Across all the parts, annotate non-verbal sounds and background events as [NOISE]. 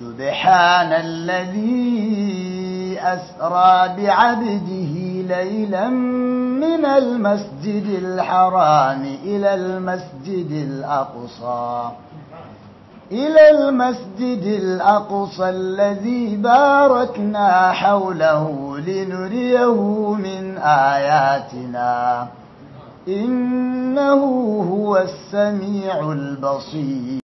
سبحان الذي أسرى بعبده ليلا من المسجد الحرام إلى المسجد الأقصى إلى المسجد الأقصى الذي باركنا حوله لنريه من آياتنا إنه هو السميع البصير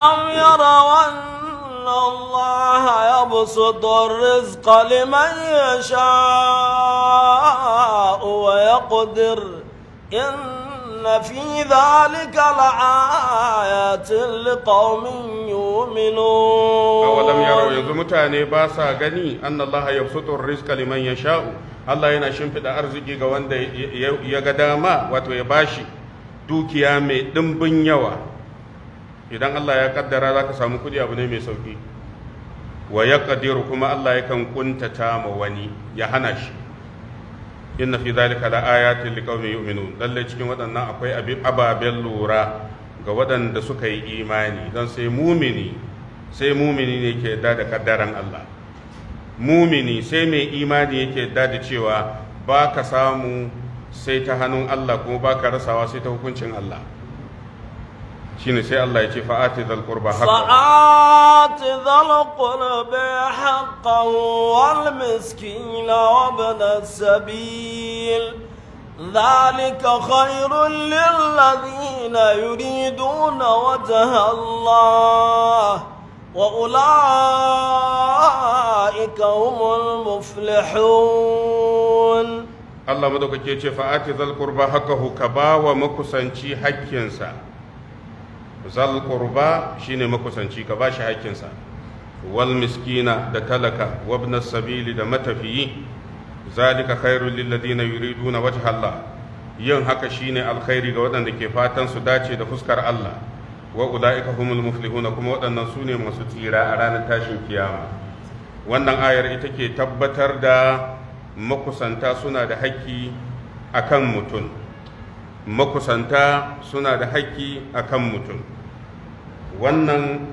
أم يروا أن الله يبسط الرزق لمن يشاء ويقدر إن في ذلك لآيات لقوم يؤمنون أولم يروا يزمتاني باسا غني أن الله يبسط الرزق لمن يشاء ga wanda ya ga dama wato ya bashi dukiya mai دمبن yawa idan Allah ya kaddara za ka samu kuɗi abu ne mai sauki wa ya kaddiru kuma Allah yakan kuntata ma wani ya hana shi inna fi zalika la ayatin liqaumin yu'minun lalle cikin waɗannan akwai abin ababen lura ga waɗanda suka yi imani dan sai mumini sai mumini ne ke da da kaddaran Allah mumini sai mai imani yake da da cewa ba ka samu sai ta hannun Allah kuma ba ka rasawa sai ta hukuncin Allah شنو سي الله يجي فآت ذا القربى حقه فآت ذا القربى حقه والمسكين وابن السبيل ذلك خير للذين يريدون وجه الله وأولئك هم المفلحون الله مدوك جيتي فآتي ذا القربة حقه كبا ومكسنشي حكينسا zal qurba shine makusanci ka bashi haƙƙinsa wal miskina da talaka wa ibn sabili da matafiyi zalika khairul lil ladina yuriduna wajha Allah yin haka shine alkhairi ga waɗanda ke fatan su dace da fuskar Allah wa ulaika humul muflihuna kuma waɗannan su ne masu tsira a ranar tashin kiyama wannan ayar ita ke tabbatar da makusanta suna da haƙƙi akan mutum makusanta suna da haƙƙi a kan mutum wannan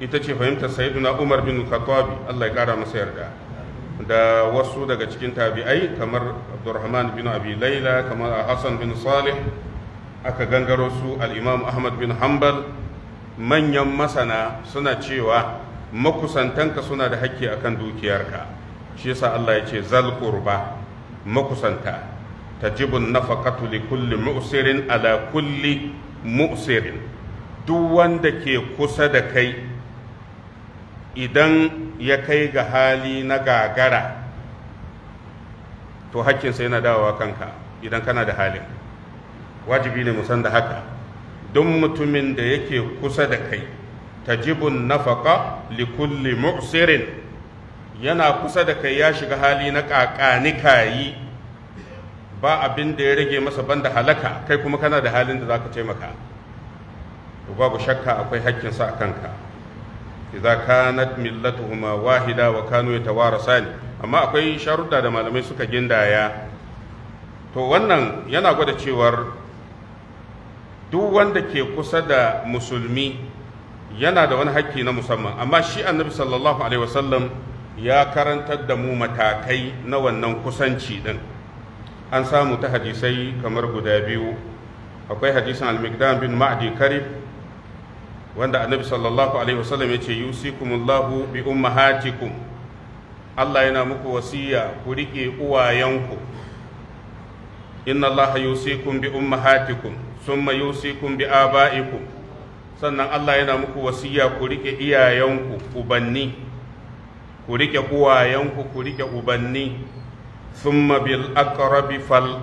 ita ce fahimtar sayyiduna umar bin khattabi allah ya ƙara masa yarda da wasu daga cikin tabi'ai kamar abdurrahman bin abi laila kamar hassan bin salih aka gangaro su al'imam ahmad bin hanbal manyan masana suna cewa makusantanka suna da haƙƙi akan dukiyarka shi yasa allah ya ce zal qurba makusanta tajibun nafaqatu li kulli mu'sirin ala kulli mu'sirin duk wanda ke kusa da kai idan ya kai ga hali na gagara to hakkinsa yana dawowa kanka idan kana da halin wajibi ne musan da haka duk mutumin da yake kusa da kai tajibun nafaka li kulli mu'sirin yana kusa da kai ya shiga hali na kakani kayi ba abin da ya rage masa banda halaka kai kuma kana da halin da za ka taimaka babu shakka akwai hakkinsa a kanka idza kanat millatuhuma wahida wa kanu yatawarasani amma akwai sharuɗa da malamai suka gindaya to wannan yana gwada cewar duk wanda ke kusa da musulmi yana da wani hakki na musamman amma shi annabi sallallahu alaihi wasallam ya karantar da mu matakai na wannan kusanci din an samu ta hadisai kamar guda biyu akwai hadisan al-miqdam bin ma'di karib wanda annabi sallallahu alaihi wasallam yace yusikumullahu bi ummahatikum Allah yana muku wasiya ku rike uwayenku inna Allah yusikum bi ummahatikum summa yusikum bi abaikum sannan Allah yana muku wasiya ku rike iyayenku ubanni ku rike uwayenku ku rike ubanni thumma bil aqrabi fal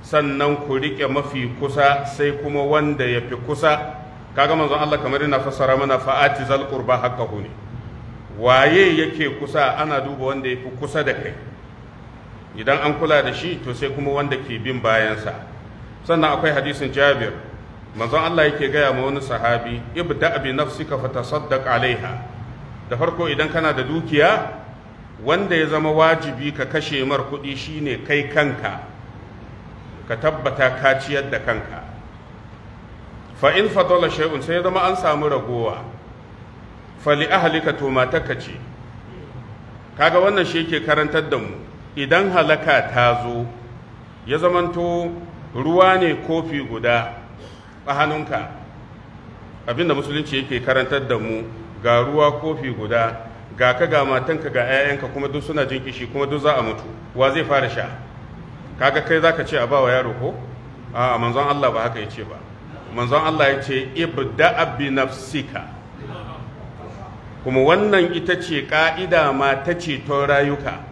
sannan ku rike mafi kusa sai kuma wanda ya fi kusa kaga manzon Allah kamar yana fassara mana fa'ati zal qurba haqqahu ne waye yake kusa ana duba wanda ya fi kusa da kai idan an kula da shi to sai kuma wanda ke bin bayansa sannan akwai hadisin Jabir manzon Allah yake gaya ma wani sahabi ibda bi nafsika fatasaddaq alaiha da farko idan kana da dukiya wanda ya zama wajibi ka kashe mar kuɗi shine kai kanka ka tabbata ka ciyar da kanka fa in fadala shay'un sai ya zama an samu ragowa fali ahlika to ka ce kaga wannan shi yake karantar da mu idan halaka ta zo ya zamanto ruwa ne kofi guda a hannunka abinda musulunci yake karantar da mu ga ruwa kofi guda ga ka ga matanka ga 'ya'yanka kuma duk suna jin kishi kuma duk za a mutu wa zai fara sha kaga kai zaka ce a bawa yaro ko a manzon Allah ba haka yace ba manzon Allah yace ibda bi nafsika kuma wannan ita ce ka'ida ma ta ceton rayuka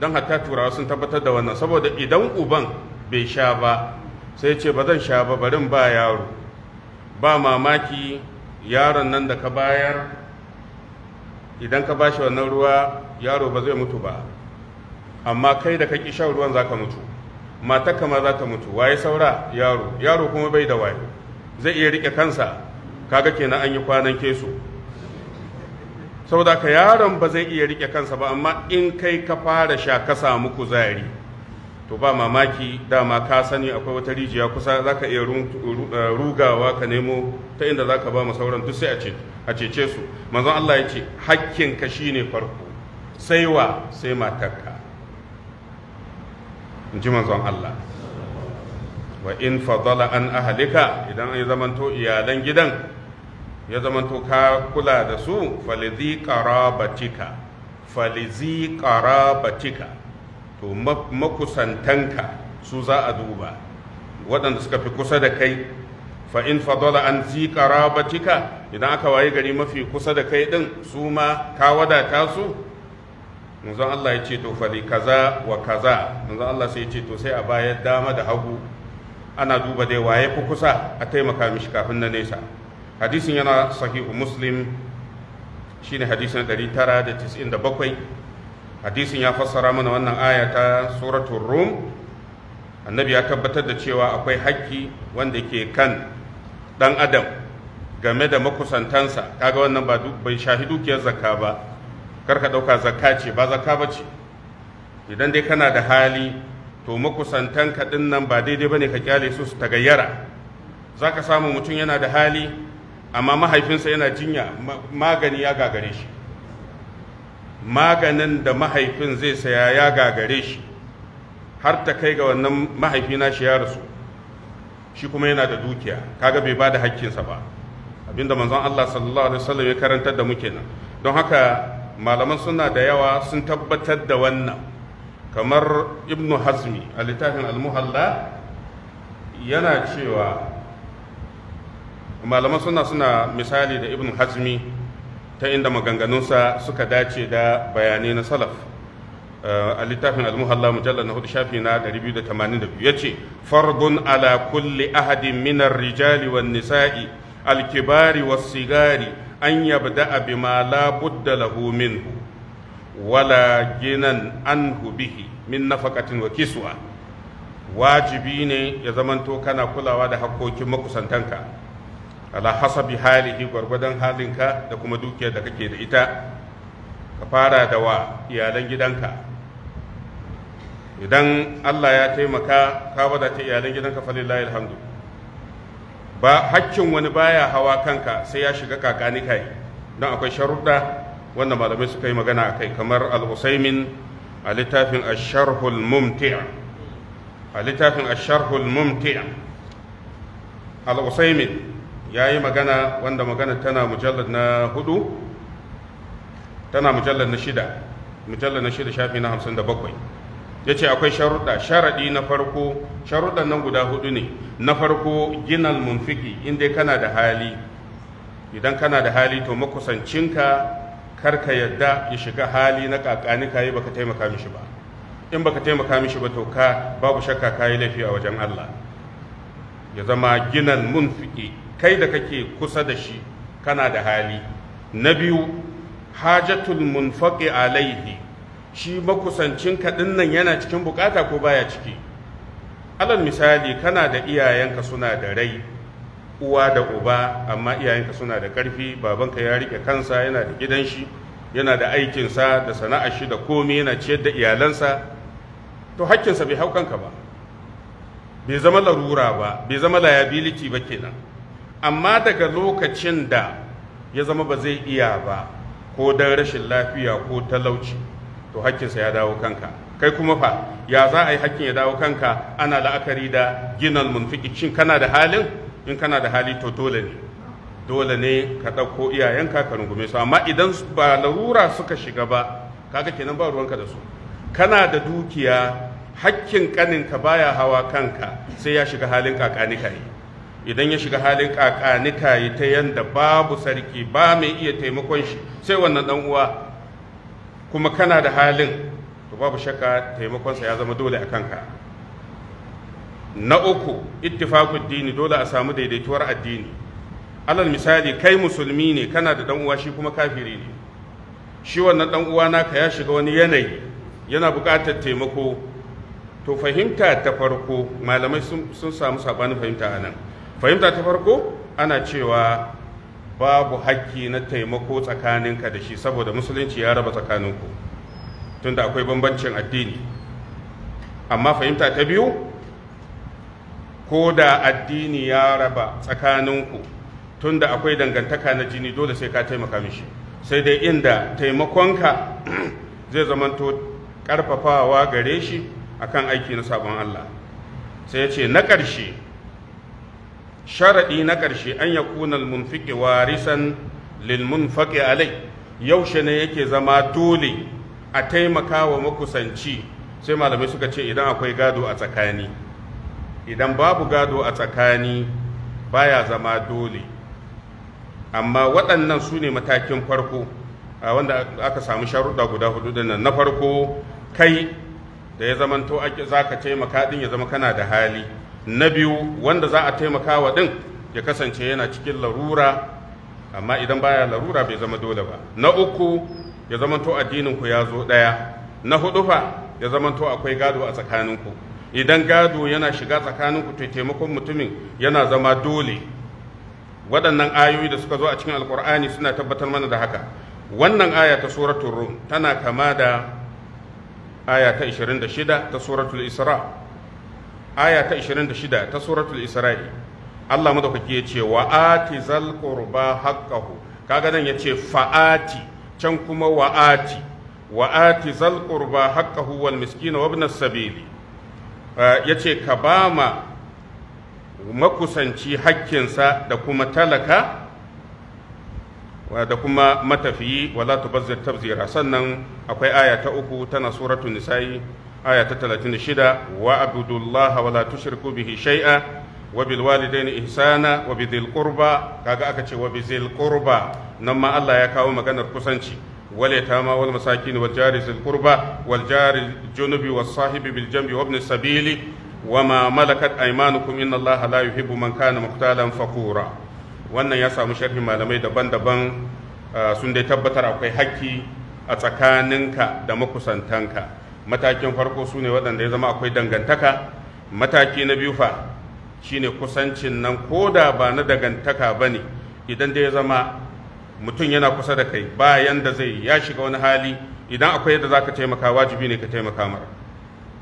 don hatta turawa sun tabbatar da wannan saboda idan uban bai sha ba sai ce ba zan sha ba barin ba yaro ba mamaki yaron nan da ka bayar idan ka bashi wannan ruwa yaro ba zai mutu ba amma kai da kai shan ruwan zaka ka mutu matar kama za ta mutu waye saura yaro yaro kuma bai da waye? zai iya riƙe kansa kaga kenan an yi kwanan keso saboda ka yaron ba zai iya rike kansa ba amma in kai ka fara sha ka samu kuzari to ba mamaki dama ka sani akwai wata rijiya kusa za ka iya eh, rugawa ka nemo ta inda za ka ba mu sauran duk sai a cece su manzon Allah ya ce hakkinka ne farko sai wa sai matarka in ji manzon Allah wa in fadala an ahalika idan an ya zamanto iyalan gidan ya zamanto ka kula da su falizi qarabatika falizi qarabatika to makusantanka su za a duba waɗanda suka fi kusa da kai fa in fadala an zi idan aka waye gari mafi kusa da kai ɗin, su ma ka wadata su manzon Allah ya ce to fali kaza wa kaza manzon Allah sai ya ce to sai a bayar dama da hagu ana duba dai waye fi kusa a taimaka mishi kafin na nesa hadisin yana sahihu muslim shine hadisin 997 hadisin ya fassara mana wannan aya ta suratul rum annabi ya tabbatar da cewa akwai haƙƙi wanda ke kan ɗan adam game da makusantansa kaga wannan ba bai shahi dukiyar zakka ba karka ɗauka zakka ce ba zakka ba ce idan dai kana da hali to makusantanka ɗin nan ba daidai ba ne ka kyale su su tagayyara za ka samu mutum yana da hali amma mahaifinsa yana jinya magani ya gagare shi maganin da mahaifin zai saya ya gagare shi har ta kai ga wannan mahaifina shi ya rasu shi kuma yana da dukiya kaga bai ba da hakkinsa ba abinda manzon Allah sallallahu alaihi wasallam ya karantar da mu kenan don haka malaman suna da yawa sun tabbatar da wannan kamar Ibn hazmi a littafin al-muhalla yana cewa malaman suna suna misali da Ibn hazmi ta inda maganganunsa suka dace da bayanai na salaf eh, a littafin al-muhalla mujallar na hudu shafi na 282 yace fardun ala kulli ahadin minar rijali nisa'i alkibari wa sigari an yabda'a bima la budda lahu minhu wala ginan anhu bihi min nafaqatin wa kiswa wajibi ne ya zamanto kana kulawa da hakkokin makusantanka ala hasabi halihi gwargwadon halinka da kuma dukiyar da kake da ita ka fara da wa iyalan gidanka idan Allah ya taimaka ka wadata iyalan gidanka falillahi alhamdu ba hakkin wani baya hawa kanka sai ya shiga kakani kai don akwai sharuɗa wanda malamai suka yi magana a kai kamar al-usaimin a littafin asharhul mumti' a littafin asharhul al-usaimin ya yi magana wanda magana tana mujallar na hudu tana mujallar na shida mujallar na shida shafi na hamsin da bakwai ya ce akwai sharuɗa sharaɗi na farko sharuɗan nan guda hudu ne na farko ginal munfiki inda kana da hali idan kana da hali to makusancinka karka yadda ya shiga hali na kakani kayi baka taimaka mishi ba in baka taimaka mishi ba to ka babu shakka ka yi laifi a wajen Allah ya zama ginan fiƙe kai da kake kusa da shi kana da hali na biyu hajatul a alaihi shi makusancin kaɗin nan yana cikin bukata ko baya ciki alal misali kana da iyayenka suna da rai uwa da uba amma iyayenka suna da ƙarfi, babanka ya riƙe kansa yana da gidan shi yana da aikinsa da sana'ar shi da komai yana ciyar da iyalansa to haƙƙinsa bai hau kanka ba bai zama larura ba bai zama liability ba kenan amma daga lokacin da ya zama ba zai iya ba ko don rashin lafiya ko talauci to hakkinsa ya dawo kanka kai kuma fa ya za a yi hakkin ya dawo kanka ana la'akari da ginal munfiki cin kana da halin in kana da hali to dole ne dole ne ka ɗauko iyayenka ka rungume su amma idan ba larura suka shiga ba kaga kenan ba ruwanka da su kana da dukiya hakkin kaninka baya hawa kanka sai ya shiga halin yi idan ya shiga halin yi ta yadda babu sarki ba mai iya taimakon shi sai wannan dan uwa kuma kana da halin to babu shakka taimakonsa ya zama dole a kanka na uku ittifaqud dini dole a samu daidaituwar addini alal misali kai musulmi ne kana da dan uwa shi kuma kafiri ne shi wannan dan uwa naka ya shiga wani yanayi yana buƙatar taimako to fahimta ta farko malamai sun samu sabanin fahimta a nan fahimta ta farko ana cewa babu haƙƙi na taimako tsakaninka da shi saboda musulunci ya raba tsakaninku tunda akwai bambancin addini amma fahimta ta biyu ko da addini ya raba tsakaninku tunda akwai dangantaka na jini dole sai ka taimaka mishi sai dai inda taimakonka [CLEARS THROAT] zai zamanto karfafawa gare shi akan aiki na sabon Allah sai ya ce na ƙarshe sharaɗi na ƙarshe an ya kunal munfiƙi warisan lil alai yaushe ne yake zama dole a taimaka wa makusanci sai malamai suka ce idan akwai gado a tsakani idan babu gado a tsakani baya zama dole amma waɗannan su ne matakin farko wanda aka samu sharuɗa guda hudu na farko kai da ya zamanto za ka taimaka din ya zama kana da hali na biyu wanda za a taimaka wa din ya kasance yana cikin larura amma idan baya larura bai zama dole ba na uku ya to addinin ku ya zo daya na hudu fa ya zamanto akwai gado a tsakanin ku idan gado yana shiga tsakaninku to taimakon mutumin yana zama dole waɗannan ayoyi da suka zo a cikin alkur'ani suna tabbatar mana da haka wannan aya ta suratul rum tana kama da aya ta 26 ta suratul isra aya ta 26 ta suratul isra'i Allah madaukaki ya ce wa ati zal qurba haqqahu kaga nan ya ce fa'ati can kuma wa'ati wa'ati zal qurba haqqahu wal miskina wa ibn sabili eh, ya ce ka ba ma makusanci hakkinsa da kuma talaka da kuma matafiyi wala tubazzir tabzira sannan akwai aya ta uku tana suratul nisa'i aya ta 36 wa abudullaha wala tushriku bihi shay'a wa bil walidaini ihsana wa bidhil qurba kaga aka ce wa bizil qurba nan ma Allah ya kawo maganar kusanci wal yatama wal masakin wal jari zil qurba wal jari junubi was sahibi bil jambi wa ibn sabili wa ma malakat aymanukum inna Allah la yuhibbu man kana muqtalan fakura wannan ya samu sharhin malamai daban-daban sun dai tabbatar akwai haƙƙi a tsakaninka da makusantanka matakin farko su ne waɗanda ya zama akwai dangantaka mataki na biyu fa shine kusancin nan ko da ba na dangantaka ba ne idan dai ya zama mutum yana kusa da kai bayan da zai ya shiga wani hali idan akwai yadda za ka taimaka wajibi ne ka taimaka mara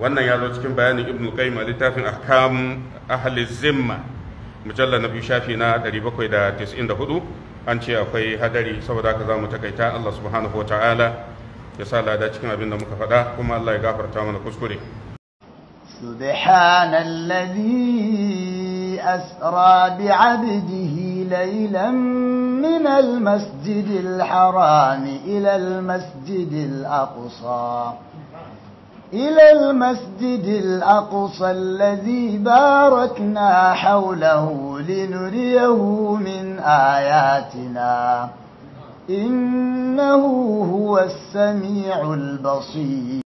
wannan ya zo cikin bayanin ibnu qayyim a littafin ahkam ahli zimma mujallar na biyu shafi na 794 an ce akwai hadari saboda haka za mu takaita Allah subhanahu ta'ala ya sa lada cikin abin da muka faɗa kuma Allah ya gafarta mana kuskure سبحان الذي أسرى بعبده ليلا من المسجد الحرام إلى المسجد الأقصى إلى المسجد الأقصى الذي باركنا حوله لنريه من آياتنا إنه هو السميع البصير